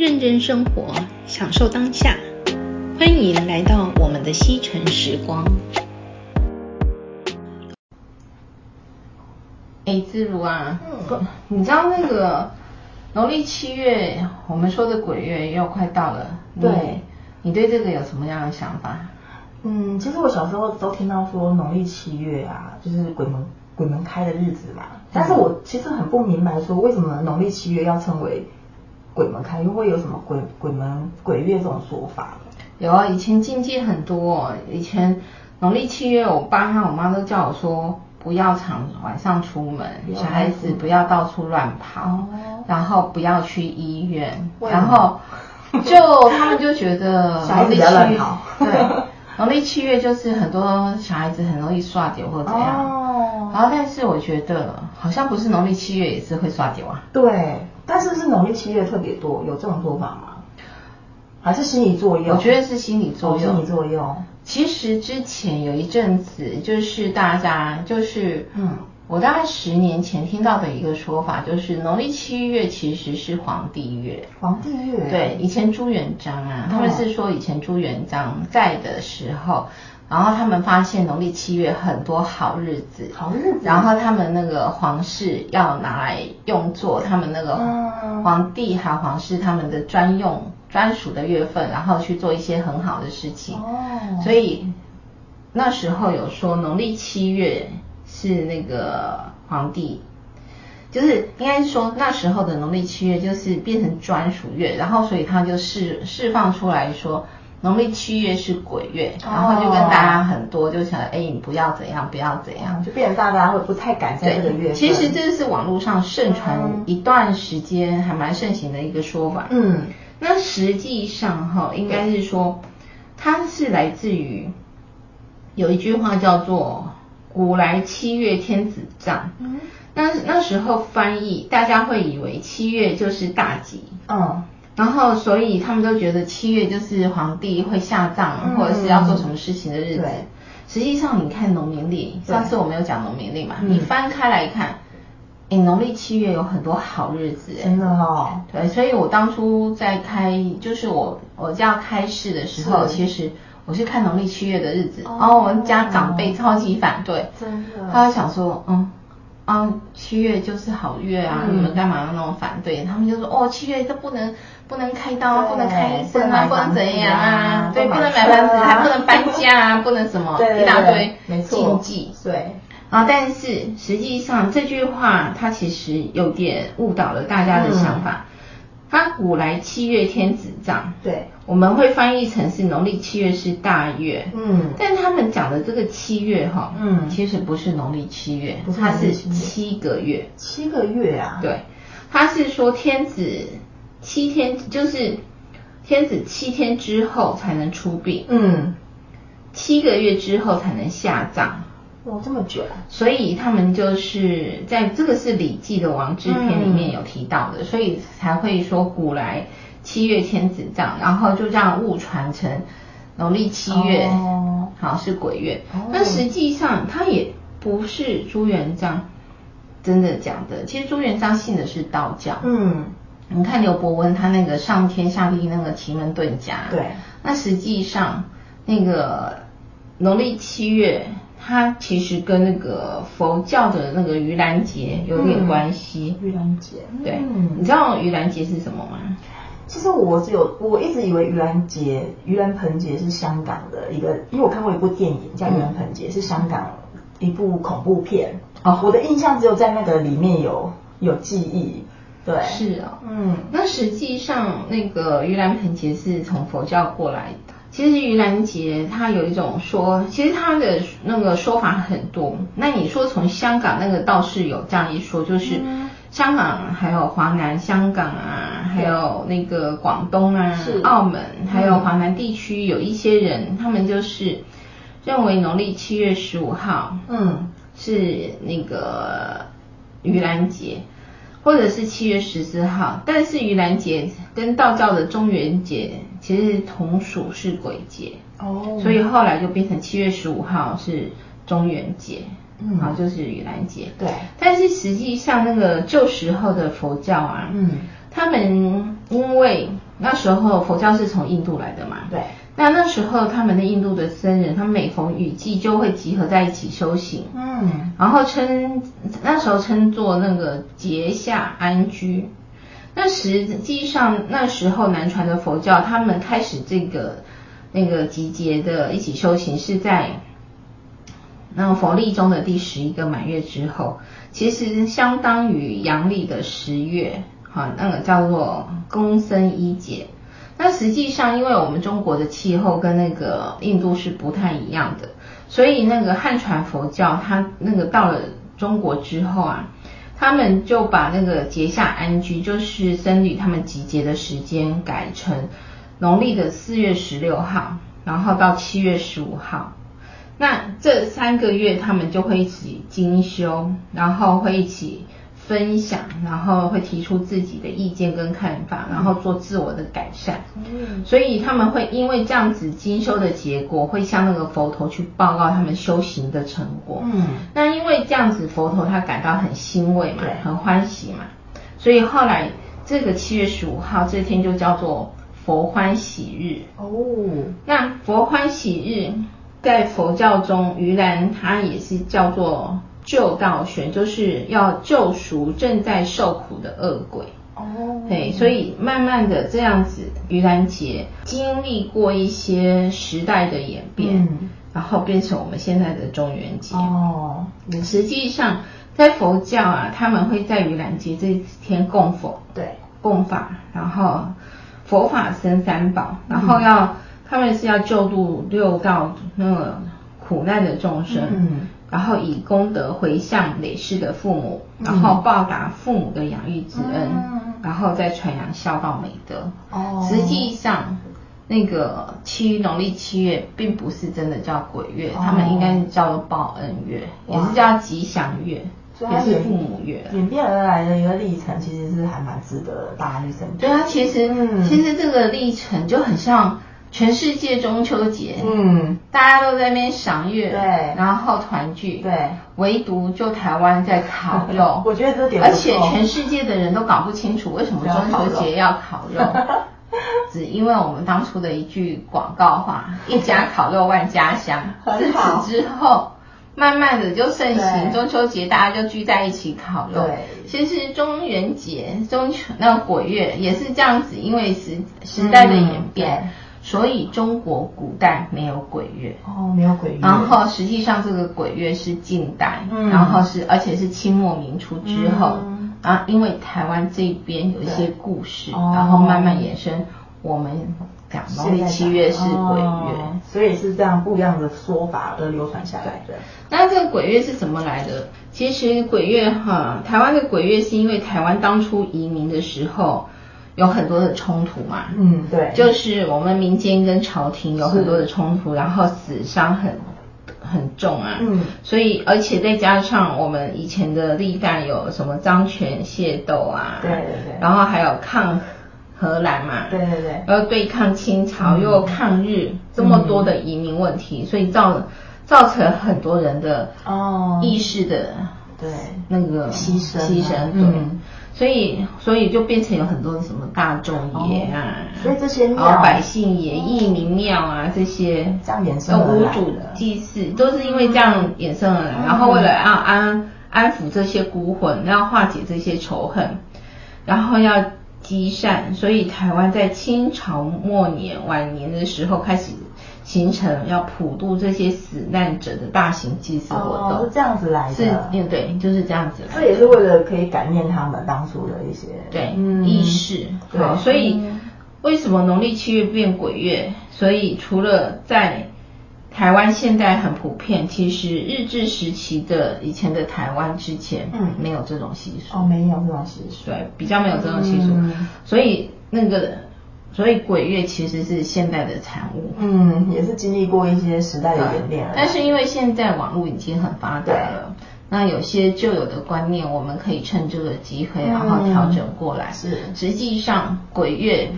認真生活，享受當下。歡迎來到我們的西城時光。哎，自如啊，嗯、你知道那個農曆、嗯、七月，我們說的鬼月又快到了。對你，你對這個有什麼樣的想法？嗯，其實我小時候都聽到說農曆七月啊，就是鬼門鬼門開的日子嘛。嗯、但是我其實很不明白，說為什麼農曆七月要稱為鬼門開，又會有什麼鬼鬼門鬼月這種說法？有啊，以前禁忌很多。以前農曆七月，我爸和我媽都叫我說不要常晚上出門，嗯、哼小孩子不要到處亂跑，嗯、哼然後不要去醫院，然後就 他們就覺得小孩子不要亂跑。對，農曆七月就是很多小孩子很容易耍酒或怎樣。哦。然後但是我覺得好像不是農曆七月也是會耍酒啊。對。但是不是農曆七月特別多？有這種說法嗎？還是心理作用？我覺得是心理作用。哦、心理作用。其實之前有一陣子，就是大家就是嗯。就是嗯我大概十年前聽到的一個說法，就是農曆七月其實是皇帝月。皇帝月。對，以前朱元璋啊，他們是說以前朱元璋在的時候，然後他們發現農曆七月很多好日子。好日子。然後他們那個皇室要拿來用作他們那個皇帝還有皇室他們的專用專屬的月份，然後去做一些很好的事情。哦。所以那時候有說農曆七月。是那個，皇帝，就是應該是說那時候的農曆七月就是變成專屬月，然後所以他就釋釋放出來說農曆七月是鬼月，哦，然後就跟大家很多就想哎，你不要怎樣，不要怎樣，就變大家會不太敢在這個月。其實這是網絡上盛傳一段時間還蠻盛行的一個說法。嗯，嗯，那實際上哈，應該是說對它是來自於有一句話叫做。古來七月天子葬，嗯，那那時候翻譯，大家會以為七月就是大吉，嗯，然後所以他們都覺得七月就是皇帝會下葬或者是要做什麼事情的日子。嗯嗯、實際上你看農民曆，對上次我沒有講農民歷嘛，嗯、你翻開來看，誒，農曆七月有很多好日子誒，真的哦。對，所以我當初在開，就是我我家開市的時候，對其實。我去看農曆七月的日子，然後我們家長輩超級反對，真的，他就想說，嗯，啊，七月就是好月啊，你們幹嘛要那麼反對？他們就說，哦，七月這不能不能開刀不能看醫生啊，不能怎樣啊，對，不能買房子，還不能搬家啊，不能什麼，一大堆禁忌，對。啊，但是實際上這句話它其實有點誤導了大家的想法。它古來七月天子葬，對，我們會翻譯成是農曆七月是大月，嗯，但他們講的這個七月哈、哦，嗯，其實不是農曆七月，是七月它是七個月，七個月啊，對，它是說天子七天，就是天子七天之後才能出殯，嗯，七個月之後才能下葬。哇、哦，這麼卷、啊、所以他們就是在這個是《禮記》的王制篇裡面有提到的，嗯、所以才會說古來七月天子葬，然後就這樣誤傳成農曆七月，哦、好是鬼月。但、哦、實際上，他也不是朱元璋真的講的。其實朱元璋信的是道教。嗯，你看劉伯溫他那個上天、下地那個奇門遁甲。對，那實際上那個農曆七月。它其實跟那個佛教的那個盂蘭節有點關係。盂蘭節，嗯，對，盂蘭節，對，你知道盂蘭節是什麼嗎？其實我只有我一直以為盂蘭節、盂蘭盆節是香港的一個，因為我看過一部電影叫《盂蘭盆節》，嗯，是香港一部恐怖片。啊、哦，我的印象只有在那個裡面有有記憶。對，是啊、哦，嗯，那實際上那個盂蘭盆節是從佛教過來的。其實盂蘭節它有一種說，其實它的那個說法很多。那你說從香港那個倒是有這樣一說，就是香港還有華南，香港啊，還有那個廣東啊、是澳門，還有華南地區有一些人，他們就是認為農曆七月十五號，嗯，是那個盂蘭節。或者是七月十四號，但是盂蘭節跟道教的中元節其實同屬是鬼節哦，oh. 所以後來就變成七月十五號是中元節，嗯、好，就是盂蘭節。對，但是實際上那個舊時候的佛教啊，嗯，他們因為那時候佛教是從印度來的嘛，對。那那時候，他們的印度的僧人，他們每逢雨季就會集合在一起修行，嗯，然後稱那時候稱作那個結夏安居。那實際上那時候南傳的佛教，他們開始這個那個集結的一起修行是在，那佛曆中的第十一個滿月之後，其實相當於陽曆的十月，好，那個叫做公僧一節。那實際上，因為我們中國的氣候跟那個印度是不太一樣的，所以那個漢傳佛教它那個到了中國之後啊，他們就把那個結夏安居，就是僧侶他們集結的時間改成農曆的四月十六號，然後到七月十五號。那這三個月他們就會一起精修，然後會一起分享，然後會提出自己的意見跟看法，然後做自我的改善。嗯，所以他們會因為這樣子精修的結果，會向那個佛陀去報告他們修行的成果。嗯，那因為這樣子，佛陀他感到很欣慰嘛，很歡喜嘛，所以後來這個七月十五號這天就叫做佛歡喜日。哦，那佛歡喜日在佛教中，盂蘭它也是叫做。救倒懸就是要救贖正在受苦的惡鬼哦，oh. 對，所以慢慢的這樣子，盂蘭節經歷過一些時代的演變，嗯，然後變成我們現在的中元節哦。Oh. 實際上，在佛教啊，他們會，在盂蘭節這天供佛，對，供法，然後佛法僧三寶，嗯、然後要他們是要救度六道那個苦難的眾生，嗯,嗯,嗯。然後以功德回向累世的父母，然後報答父母的養育之恩，嗯嗯、然後再傳揚孝道美德。哦，實際上那個七農曆七月，並不是真的叫鬼月，哦、他們應該是叫做報恩月，哦、也是叫吉祥月，啊、也是父母月演變而來的一個歷程，其實是還蠻值得大家去深究的。對啊，其實、嗯、其實這個歷程就很像。全世界中秋節，嗯，大家都在那邊賞月，對然後團聚，對，唯獨就台灣在烤肉。我覺得這點，而且全世界的人都搞不清楚為什麼中秋節要烤肉，烤肉 只因為我們當初的一句廣告話“一家烤肉萬家香”，自此 之後，慢慢的就盛行。對中秋節大家就聚在一起烤肉。對先是中元節、中秋那個、鬼月也是這樣子，因為時時代的演變。嗯所以中國古代沒有鬼月哦，沒有鬼月。然後實際上這個鬼月是近代，嗯、然後是而且是清末民初之後，然後、嗯啊、因為台灣這邊有一些故事，哦、然後慢慢衍生。我們講所以七月是鬼月，哦，所以是這樣不一樣的說法而對流傳下來。對，那這個鬼月是怎麼來的？其實鬼月哈，台灣的鬼月是因為台灣當初移民的時候。有很多的衝突嘛，嗯，對，就是我們民間跟朝廷有很多的衝突，是然後死傷很很重啊，嗯，所以而且再加上我們以前的歷代有什麼漳泉械鬥啊，對對對，然後還有抗荷蘭嘛，對對對，然後對抗清朝又抗日這麼多的移民問題，嗯、所以造造成很多人的哦意識的對那個犧牲、哦、犧牲對、啊。嗯嗯所以，所以就變成有很多什麼大眾爺啊、哦，所以這些老、哦、百姓爺義民廟啊，這些這都無主的祭祀，都是因為這樣衍生而來。然後為了要安安撫這些孤魂，要化解這些仇恨，然後要積善。所以台灣在清朝末年晚年的時候開始。形成要普渡這些死難者的大型祭祀活動、哦、是這樣子來的，是對，對，就是這樣子。這也是為了可以感念他們當初的一些對、嗯、義士對、哦，所以、嗯、為什麼農曆七月變鬼月？所以除了在台灣現在很普遍，其實日治時期的以前的台灣之前，嗯，沒有這種習俗哦，沒有這種習俗，對，比較沒有這種習俗，嗯、所以那個。所以鬼月其實是現代的產物，嗯，也是經歷過一些時代的演變。但是因為現在網絡已經很發達了，對那有些舊有的觀念，我們可以趁這個機會、嗯、然後調整過來。是，實際上鬼月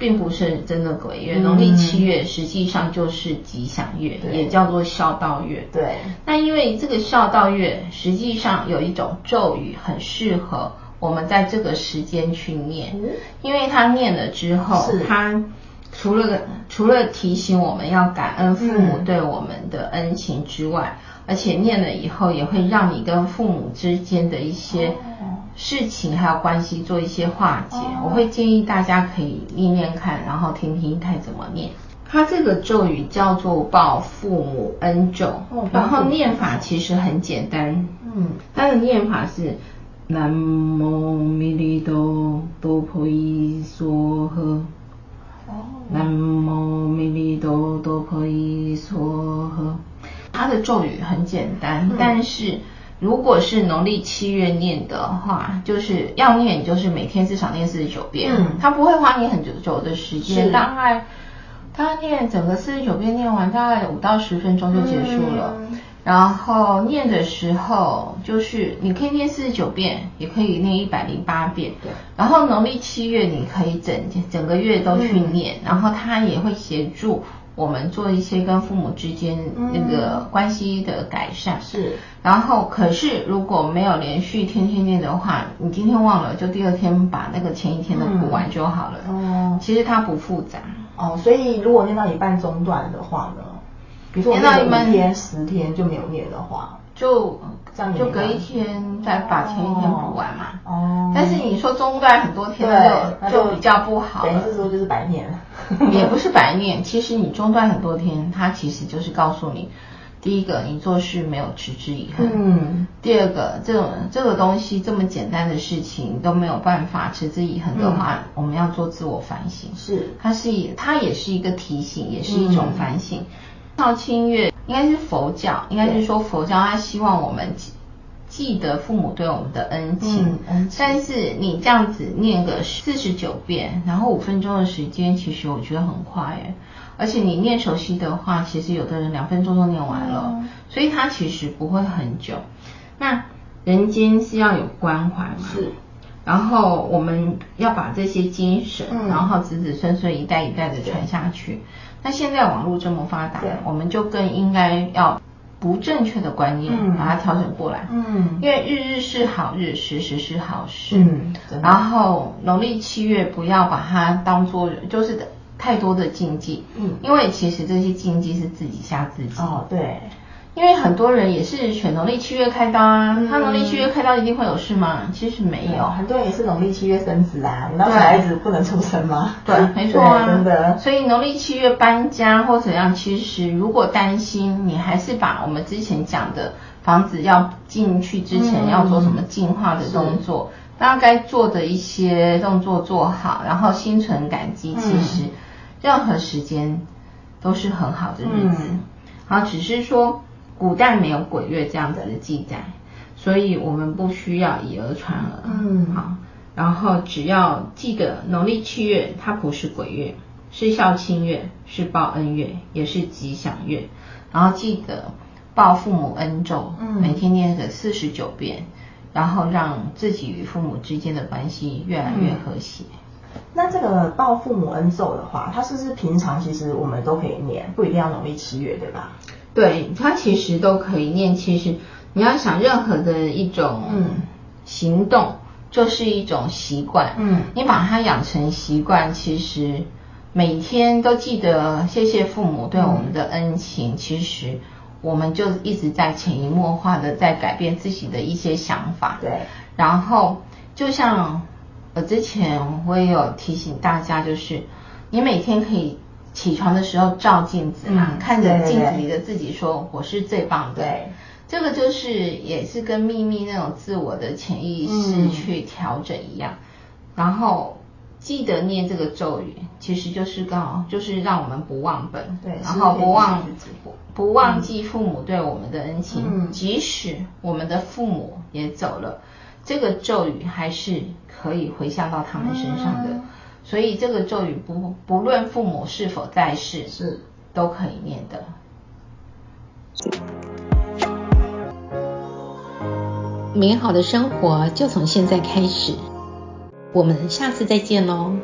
並不是真的鬼月，嗯、農曆七月實際上就是吉祥月，對也叫做孝道月。對。那因為這個孝道月，實際上有一種咒語很適合。我們在這個時間去念，因為他念了之後，他除了除了提醒我們要感恩父母對我們的恩情之外，嗯、而且念了以後也會讓你跟父母之間的一些事情還有關係做一些化解。哦哦、我會建議大家可以念念看，然後聽聽看怎麼念。它這個咒語叫做報父母恩咒，哦、然後念法其實很簡單。哦、嗯，它的念法是。南無密栗多哆婆曳娑訶，南無密栗多哆婆曳娑訶。它的咒語很簡單，嗯、但是如果是農曆七月念的話，就是要念，就是每天至少念四十九遍。它、嗯、不會花你很久久的時間，大概它念整個四十九遍念完，大概五到十分鐘就結束了。嗯然後念的時候，就是你可以念四十九遍，也可以念一百零八遍。對。然後農曆七月，你可以整，整個月都去念，嗯、然後它也會協助我們做一些跟父母之間那個關係的改善。嗯、是。然後，可是如果沒有連續天天念的話，你今天忘了，就第二天把那個前一天的補完就好了。哦、嗯。嗯、其實它不複雜。哦，所以如果念到一半中斷的話呢？延到一們後十天就沒有念的話，就就隔一天再把前一天補完嘛。哦。哦，但是你說中斷很多天，對，就比較不好了。等於是說就是白念，也不是白念， 其實你中斷很多天，它其實就是告訴你，第一個你做事沒有持之以恆。嗯。第二個，這種這個東西這麼簡單的事情都沒有辦法持之以恆的話，嗯、我們要做自我反省。是。它是，它也是一個提醒，也是一種反省。嗯孝親月應該是佛教，應該是說佛教，他希望我們記得父母對我們的恩情。嗯、恩情，但是你這樣子念個四十九遍，然後五分鐘的時間，其實我覺得很快耶。而且你念熟悉的話，其實有的人兩分鐘都念完了，嗯、所以它其實不會很久。那人間是要有關懷嘛？是。然後我們要把這些精神，嗯、然後子子孫孫一代一代的傳下去。那現在網絡這麼發達，對我們就更應該要不正確的觀念，把它調整過來。嗯，嗯因為日日是好日，時時是好事。嗯，然後農曆七月不要把它當做就是太多的禁忌。嗯，因為其實這些禁忌是自己嚇自己。哦，對。因為很多人也是選農曆七月開刀啊，嗯、他農曆七月開刀一定會有事嗎？其實沒有，嗯、很多人也是農曆七月生子啊，難道小孩子不能出生嗎？對，沒錯啊，所以農曆七月搬家或怎樣，其實如果擔心，你還是把我們之前講的房子要進去之前要做什麼淨化的動作，那該、嗯、做的一些動作做好，然後心存感激，嗯、其實任何時間都是很好的日子，好、嗯，然後只是說。古代沒有鬼月這樣子的記載，所以我們不需要以訛傳訛。嗯，好，然後只要記得農曆七月它不是鬼月，是孝親月，是報恩月，也是吉祥月。然後記得報父母恩咒，嗯、每天念個四十九遍，然後讓自己與父母之間的關係越來越和諧，嗯。那這個報父母恩咒的話，它是不是平常其實我們都可以念，不一定要農曆七月，對吧？對他其實都可以念，其實你要想任何的一種行動就是一種習慣，嗯，你把它養成習慣，其實每天都記得謝謝父母對我們的恩情，嗯，其實我們就一直在潛移默化的在改變自己的一些想法，對，然後就像我之前我也有提醒大家，就是你每天可以，起床的時候照鏡子嘛、嗯，看着鏡子裡的自己說，我是最棒的。對，對，對，這個就是也是跟秘密那種自我的潛意識去調整一樣。嗯、然後記得念這個咒語，其實就是剛好就是讓我們不忘本，對，然後不忘不的不忘記父母對我們的恩情，嗯、即使我們的父母也走了，這個咒語還是可以迴向到他們身上的。嗯所以這個咒語不不論父母是否在世，是都可以念的。美好的生活就從現在開始，我們下次再見嘍。